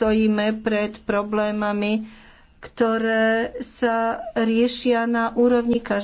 stojíme pred problémami, ktoré sa riešia na úrovni každého